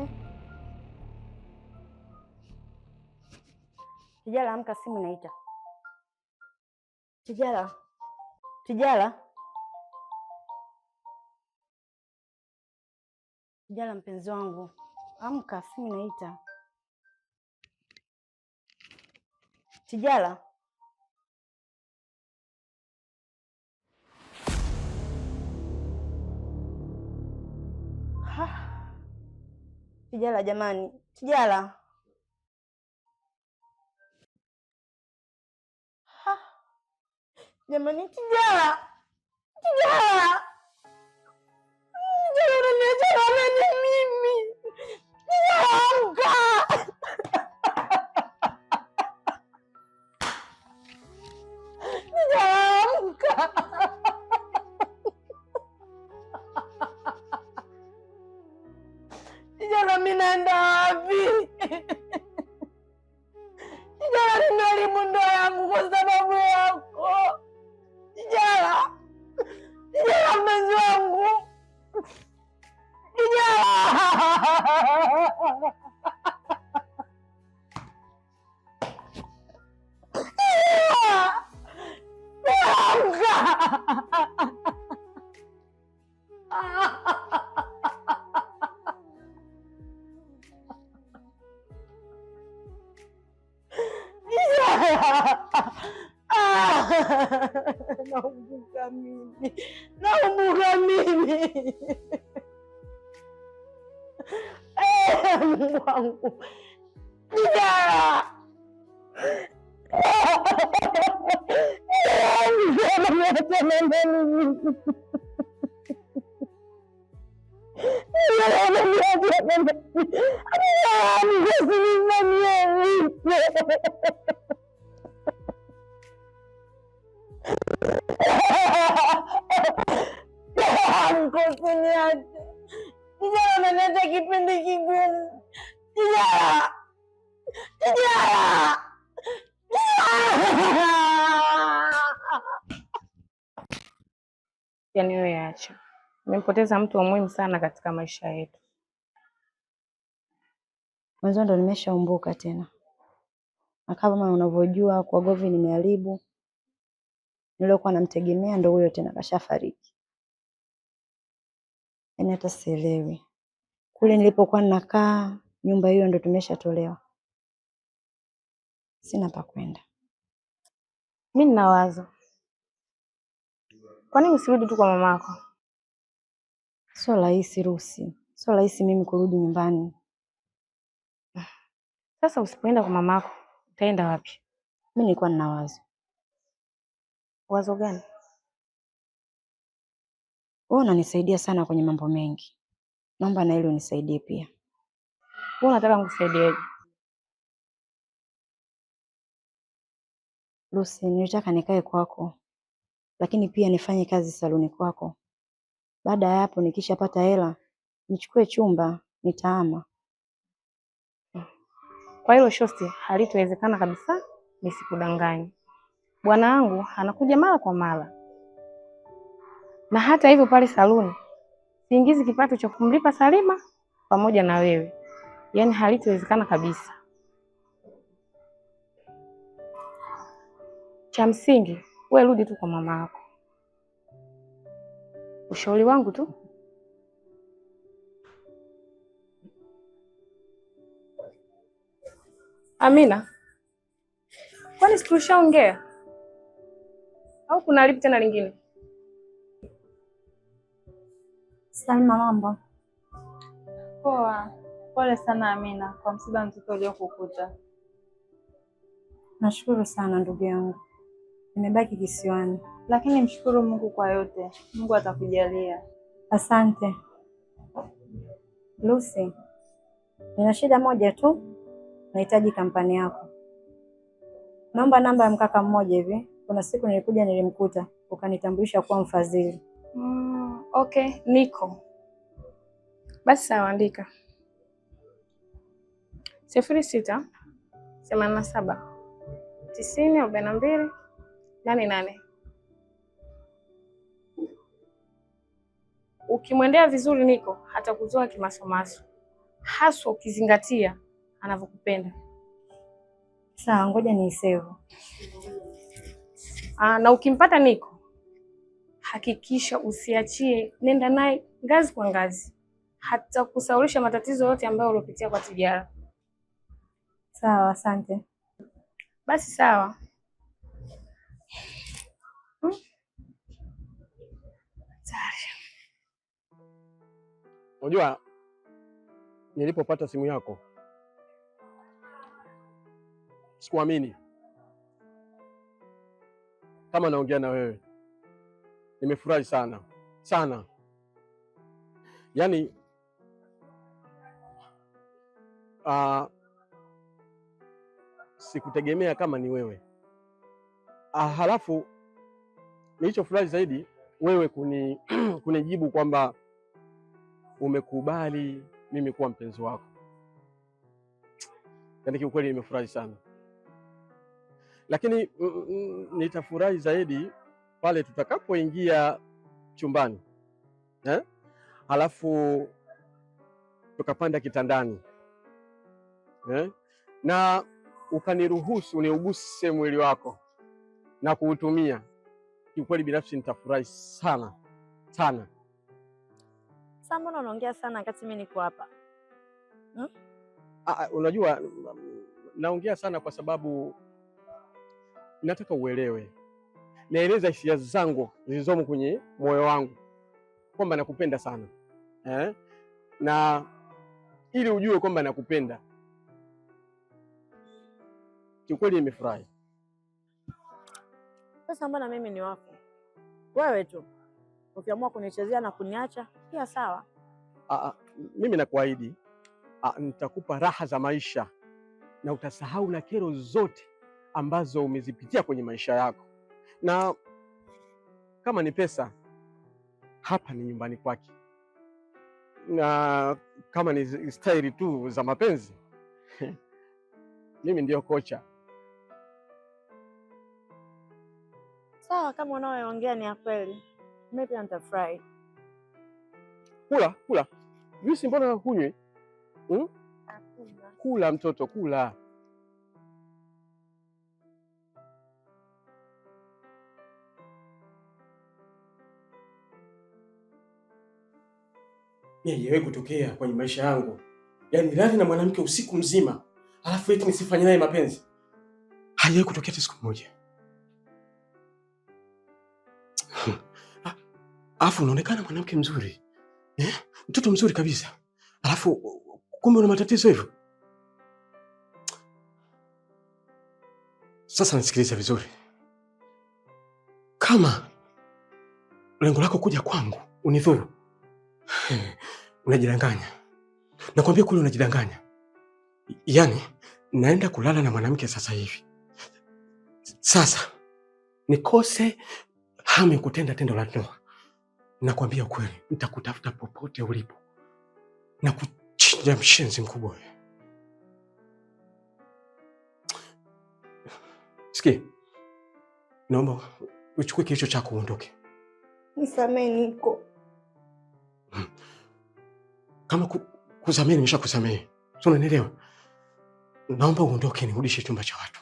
yake. Tijara, amka, simu inaita. tijala tijala Tijara, mpenzi wangu, amka, simu inaita. tijala Ha kijala jamani, kijala Jamani, kijala kijala kijana unaniachana na mimi kijana, amka! Kijana amka! mimi naenda wapi? Jamani, nimeharibu ndoa yangu kwa sababu yako. Korkun ya. Bir daha ben öteki bindeki gün. Kijana! Kijana! Yaani wewe acha, umempoteza mtu wa muhimu sana katika maisha yetu. Mwanzo ndo nimeshaumbuka tena, na kama unavyojua kwa govi nimeharibu, niliokuwa namtegemea ndo huyo tena kashafariki. Yaani hata sielewi kule nilipokuwa ninakaa nyumba hiyo ndo tumeshatolewa, sina pa kwenda. Mi nina wazo, kwa nini usirudi tu kwa mamako? Sio rahisi Rusi, sio rahisi mimi kurudi nyumbani. Sasa usipoenda kwa mamako utaenda wapi? Mi nilikuwa nina wazo. Wazo gani? Wewe unanisaidia sana kwenye mambo mengi, naomba na ile unisaidie pia wewe unataka nikusaidieje? Lucy, nilitaka nikae kwako, lakini pia nifanye kazi saluni kwako. Baada ya hapo, nikishapata hela nichukue chumba, nitaama. Kwa hilo shosti halitowezekana kabisa, nisikudanganye. Bwana wangu anakuja mara kwa mara, na hata hivyo pale saluni siingizi kipato cha kumlipa Salima pamoja na wewe yaani halitowezekana kabisa. Cha msingi we rudi tu kwa mama yako. Ushauri wangu tu Amina, kwani situshaongea au kuna lipi tena lingine? Salma, mambo poa? Pole sana Amina kwa msiba mzito uliokukuta. Nashukuru sana ndugu yangu, nimebaki kisiwani, lakini mshukuru Mungu kwa yote. Mungu atakujalia. Asante Lucy, nina shida moja tu, nahitaji kampani yako. Naomba namba ya mkaka mmoja hivi, kuna siku nilikuja nilimkuta, ukanitambulisha kuwa mfadhili. Mm, okay, niko basi, sawa, andika sifuri sita themanini na saba tisini arobaini na mbili nane nane. Ukimwendea vizuri niko hata kuzoa kimasomaso, haswa ukizingatia anavyokupenda. Sawa, ngoja ni save. Aa, ah, na ukimpata niko hakikisha usiachie, nenda naye ngazi kwa ngazi, hata kusaulisha matatizo yote ambayo uliopitia kwa Tijara. Sawa, asante. Basi sawa. Hmm? Unajua nilipopata simu yako sikuamini kama naongea na wewe. Nimefurahi sana sana, yaani uh, sikutegemea kama ni wewe. Ah, halafu nilichofurahi zaidi wewe kuni kunijibu kwamba umekubali mimi kuwa mpenzi wako. Yaani kiukweli nimefurahi sana, lakini mm, mm, nitafurahi zaidi pale tutakapoingia chumbani eh? Halafu tukapanda kitandani eh? na ukaniruhusu niuguse mwili wako na kuutumia, kiukweli binafsi nitafurahi sana sana. Sasa mbona unaongea sana wakati mimi niko hapa hmm? Ah, ah unajua mm, naongea sana kwa sababu uh, nataka uelewe, naeleza hisia zangu zilizomo kwenye moyo wangu kwamba nakupenda sana eh? na ili ujue kwamba nakupenda kiukweli nimefurahi. Sasa mbona mimi ni wako wewe tu, ukiamua kunichezea na kuniacha pia sawa. Aa, mimi nakuahidi nitakupa raha za maisha na utasahau na kero zote ambazo umezipitia kwenye maisha yako, na kama ni pesa, hapa ni nyumbani kwake, na kama ni staili tu za mapenzi mimi ndiyo kocha. sawa, kama unaoongea ni ya kweli, mimi pia nitafurahi. Kula kula juisi, mbona hunywi hmm? Kula mtoto, kula Ijawahi kutokea kwenye maisha yangu, yaani nilale na mwanamke usiku mzima, alafu eti nisifanye naye mapenzi. Haijawahi kutokea hata siku moja. Alafu unaonekana mwanamke mzuri eh? Mtoto mzuri kabisa, alafu kumbe una matatizo hivyo. Sasa nisikiliza vizuri, kama lengo lako kuja kwangu unidhuru, unajidanganya. Nakwambia kule unajidanganya. Yaani naenda kulala na mwanamke sasa hivi, sasa nikose hamu ya kutenda tendo la ndoa Nakwambia kweli, nitakutafuta popote ulipo na kuchinja mshenzi mkubwa wewe. Sikia, naomba uchukue kichwa chako uondoke. Nisamee niko kama ku, kusamee nimesha kusamee, si unanielewa? Naomba uondoke, nirudishe chumba cha watu.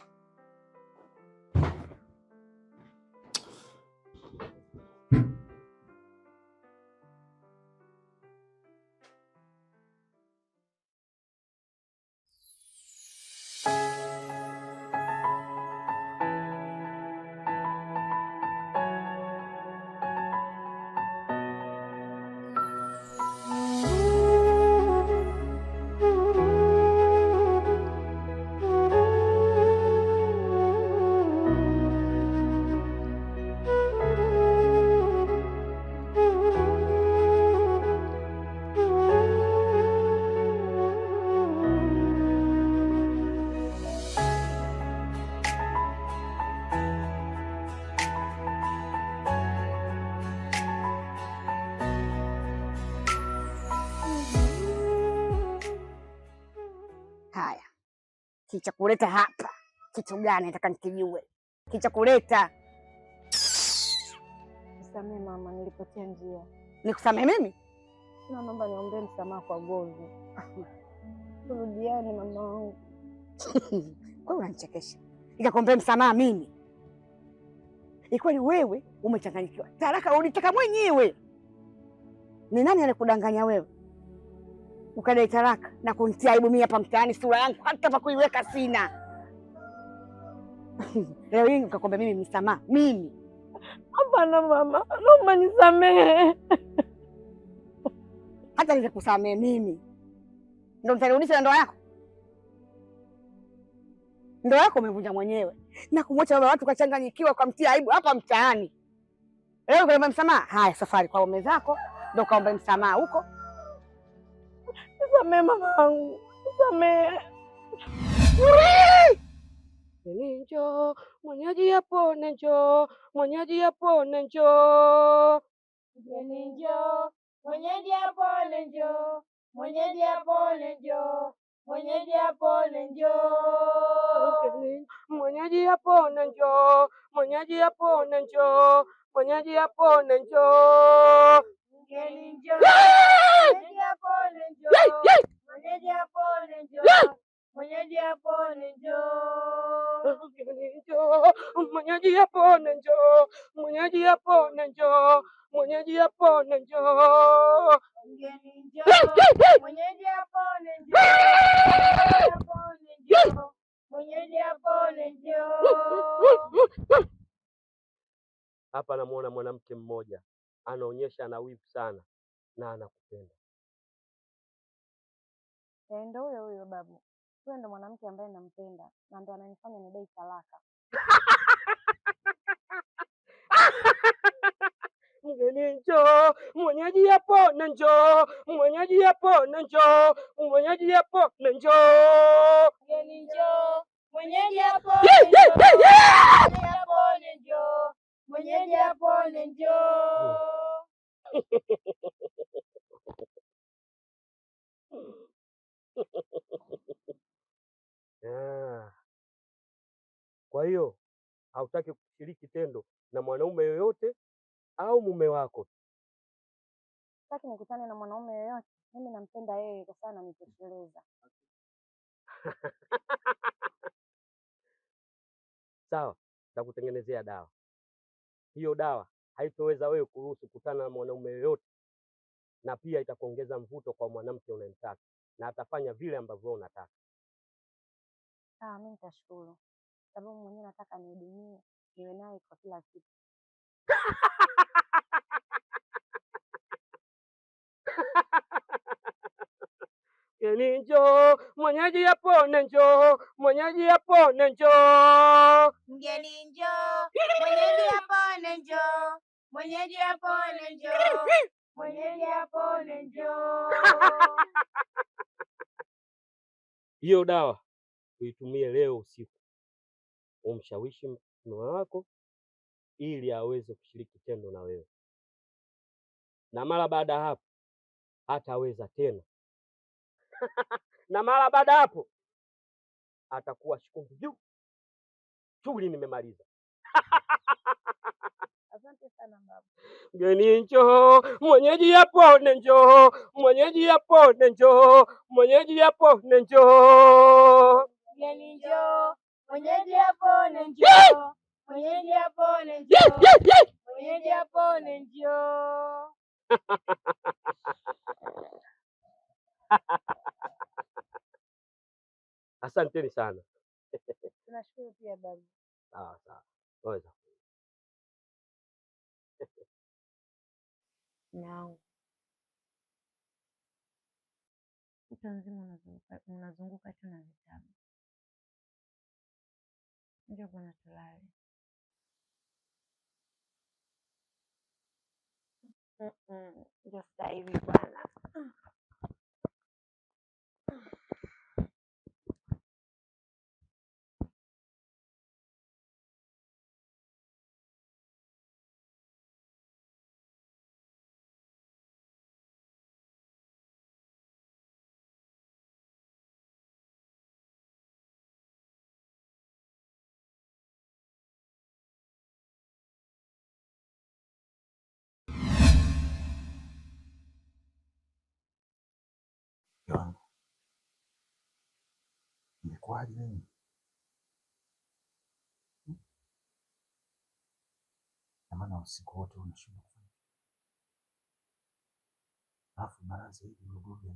Kichakuleta hapa kitu gani? Nataka nikijue kichakuleta. Nisamehe mama, nilipotea njia. Nikusamehe mimi? Sina, naomba niombee msamaha kwa gozi Turudiane mama wangu. Kwani unanichekesha? Nikakuombea msamaha mimi? Ikweli wewe umechanganyikiwa. Taraka ulitaka mwenyewe. Ni nani anakudanganya wewe? ukadai talaka na kunitia aibu mimi hapa mtaani, sura yangu hata pa kuiweka sina. Leo hii ukakwambia mimi msamaha? Mimi hapana. Mama naomba nisamehe. hata ningekusamehe mimi ndo nitarudisha na ndoa yako? Ndoa yako umevunja mwenyewe na kumwacha baba watu kachanganyikiwa, mtia aibu hapa mtaani. Leo ukaomba msamaha? Haya, safari kwa ume zako ndo ukaomba msamaha huko Nisamee mamangu, nisamee. Njoo mwenyeji yapone, njoo mwenyeji yapone, njoo njoo mwenyeji yapone, njoo mwenyeji yapone, njoo mwenyeji yapone, njoo mwenyeji yapone, njoo mwenyeji yapone, njoo mwenyeji yapone, njoo Mwenyeji apone njoo, mwenyeji apone njoo, mwenyeji apone njo mwenyeji apone njo mwenyeji apone njoo. Hapa namuona mwanamke mmoja anaonyesha wivu sana na anakupenda. Eh, ndo huyo huyo babu, huyo ndo mwanamke ambaye nampenda na ndo ananifanya nidai talaka. Mgeni njoo, mwenyeji yapo na njoo, mwenyeji yapo na njoo, mwenyeji yapo na njoo, mgeni njoo, mwenyeji yapo na njoo, mwenyeji yapo na njoo hmm. Ah. kwa hiyo hautaki kushiriki tendo na mwanaume yoyote au mume wako? Sitaki nikutane na mwanaume yoyote, mimi nampenda yeye kwa sana ananitosheleza. Sawa, nitakutengenezea dawa. Hiyo dawa haitoweza wewe kuruhusu kukutana na mwanaume yoyote, na pia itakuongeza mvuto kwa mwanamke unayemtaka na atafanya vile ambavyo unataka. Ah, mimi nitashukuru sababu mwenyewe nataka nihudumie, niwe naye kwa kila kitu. Lakini njoo mwenyeji, yapone njoo mwenyeji, yapone njoo mgeni, njoo mwenyeji, yapone njoo mwenyeji, yapone njoo mwenyeji, yapone njoo. Hiyo dawa uitumie leo usiku, umshawishi mume wako ili aweze kushiriki tendo na wewe, na mara baada ya hapo hataweza tena na mara baada hapo atakuwa shikungu juu, shughuli nimemaliza. Asante sana baba. Mgeni njoo, mwenyeji yapo ne njoo, mwenyeji yapo ne njoo, mwenyeji yapo ne njoo. Mgeni njoo, mwenyeji yapo ne njoo, mwenyeji yapo ne njoo, mwenyeji yapo ne njoo. Asanteni sana. Tunashukuru pia baba. Ah, sawa sawa. Ngoja. Nao. Mtu mzima unazunguka tu na vitabu. Ndio bwana, tulale. Ndio stahili bwana. Mke wangu, yaani, mmekuwaje nyinyi? Na maana usiku wote unashinda kufanya, alafu mara zaidi mluguru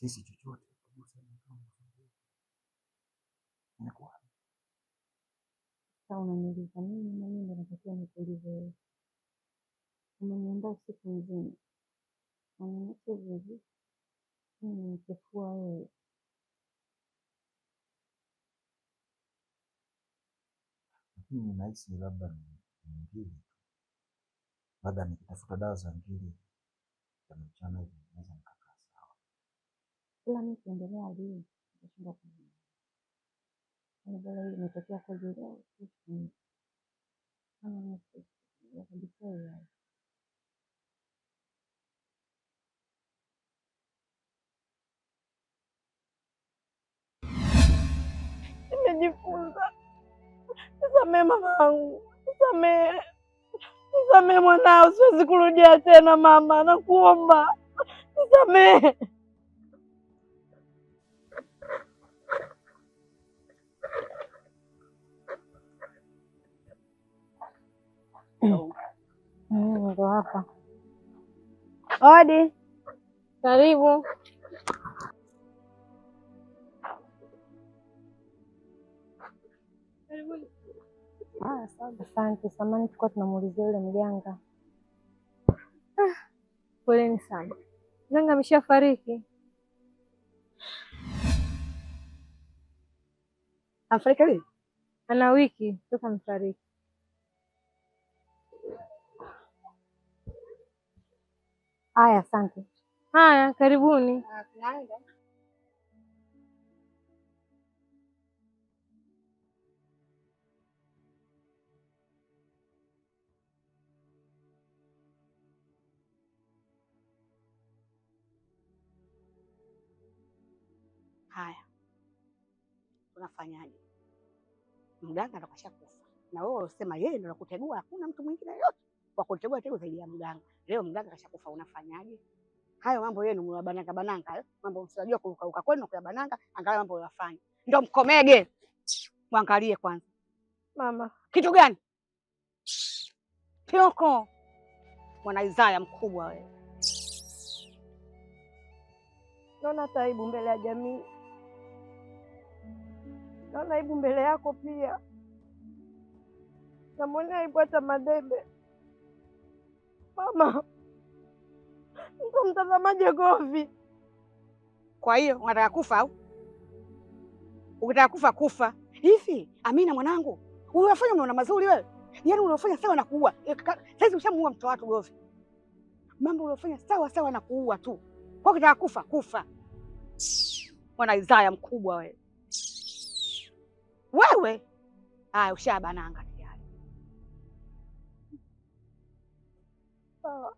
sisi chochote imekuwaje? Sasa unaniuliza mimi na mimi ndo natakiwa nikuulize wewe. Umeniandaa siku nzima 嗯，自己嗯不错诶。Lakini nahisi labda ni ngiri tu, labda nikitafuta dawa za ngiri za mchana hivi naweza nikakaa sawa. Ila mi kiendelea lii imetokea kweli hmm. ah, leo. nimejifunza. Nisamee mamangu, nisamee, nisamee mwanao, siwezi kurudia tena mama, nakuomba nisamee. Ndo hapa odi, karibu. Ah, asante. Samani tulikuwa tunamuulizia yule mganga. Ah, poleni sana. Mganga ameshafariki. Afariki lini? Ana wiki toka mfariki. Haya, asante. Haya, karibuni. Ah, unafanyaje? Mganga atakasha kufa na wewe unasema yeye ndo anakutegua, hakuna mtu mwingine yote wa kutegua tena zaidi ya mganga. Leo mganga kashakufa, unafanyaje? Hayo mambo yenu mnabananga bananga, eh? mambo msijua kuruka ruka kwenu kwa bananga, angalia mambo yafanye, ndo mkomege. Mwangalie kwanza mama, kitu gani Kioko, mwana Isaya mkubwa wewe, naona taibu mbele ya jamii naona aibu mbele yako, pia namwonea aibu hata Madebe. Mama, mtamtazamaje Govi? Kwa hiyo unataka kufa au ukitaka kufa kufa hivi? Amina mwanangu, uliwafanya unaona mazuri wewe, yaani uliofanya sawa na kuua. Eh, saizi ushamuua mtoto wako Govi, mambo uliofanya sawa sawa na kuua tu. Kwa ukitaka kufa kufa, mwana Isaya mkubwa wewe wewe. aya ushabananga tayari. Sawa,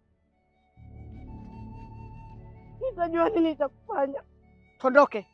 nitajua nini kufanya. Tondoke.